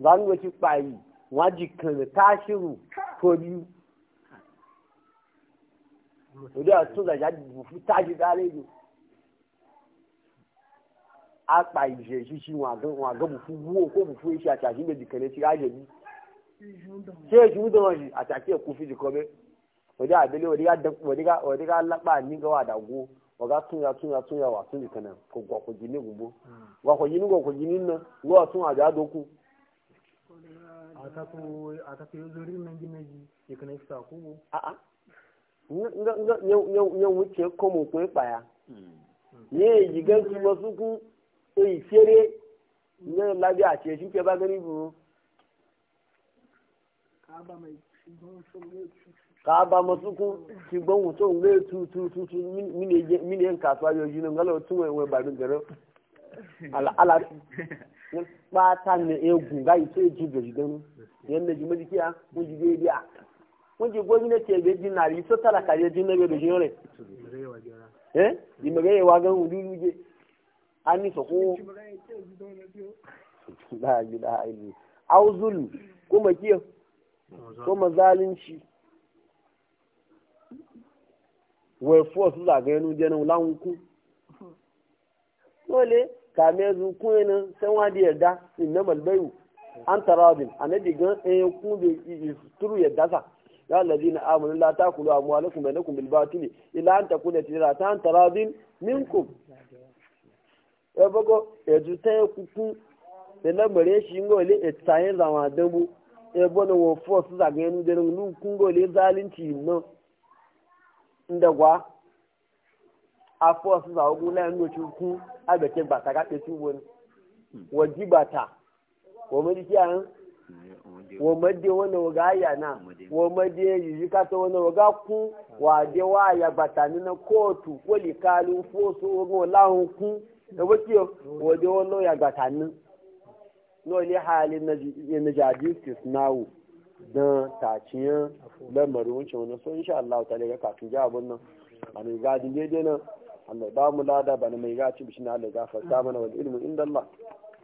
zandoci kpayi wọn ji kan tashiru tobi òde ọtún gàjà fún tájì dálẹ́jọ apá ìṣe ṣíṣí wọn àgọ́ bùfú wú òkó bùfú iṣẹ́ àtàkì méjì kan ní ti rájẹ̀ bí ṣé èṣù ń dán ọ̀ṣì àtàkì ẹ̀kú fìdí kọ́ bẹ́ẹ̀. wadi abele wadi ga wadi ga wadi ga laba ni ga wa dago waga tunya tunya tunya wa tun kana ko gwa ko jini gubo wa ko jini gwa ko jini na wa tun a aja doku ataku ataku yuzuri mengi mengi yekana ifta kubo a a nga nga nya nya wuce ko mu ko paya ne hmm. yigan su wasu ku e ifere ne labi a ce shi ke ba gani bu kaaba masuku ti gbɔnwu tó ń lé tu tu tu tu ne yóò yi ngalo nga lọ tún wẹ̀wẹ̀ gẹrẹ ala ala ne kpaata e ni egun nga yi tó e ju bèjì dẹnu yẹn ne jumɛn ti ya mo ju bèyí bi a mo ju bóyi ne tiẹ̀ bèjì na yi tó tala ka yẹ di ne bẹ bèjì yẹn rẹ ẹ ìmẹ̀gẹ́ yẹ wa gan wù dúdú jẹ a ní so báyìí awuzulu kó mọ̀ kí ko mazalunci wai fuwa za ga nu jenin lawun ku dole kame yanzu kun yana san wadi yarda inna malbayu an taradin annabi gan eh ku be turu yarda sa ya alladina amanu la takulu amwalakum bainakum bil batil illa an takuna tijaratan taradin minkum e bago e ju te kuku da lamare shi ngole e tsayin zama dambu ebo na wo force za ga nu kungo le zalunci no inda a za ogun la nu ci ku bata ka pe tuwo ni wo ji bata wo mo ji an wo na wo ga ya na wo mo de yi na wo ga ku wa de wa ya bata ni na kotu ko li kalu fosu wo go la hun ku ti o wo no ile halin na jajistis nawo don taciyan lamarin wucin wani so insha Allah ta daga kafin ji abun nan a mai gadin daidai Allah ba mu lada ba na yi gaci bishin Allah gafarta mana wani ilmu inda Allah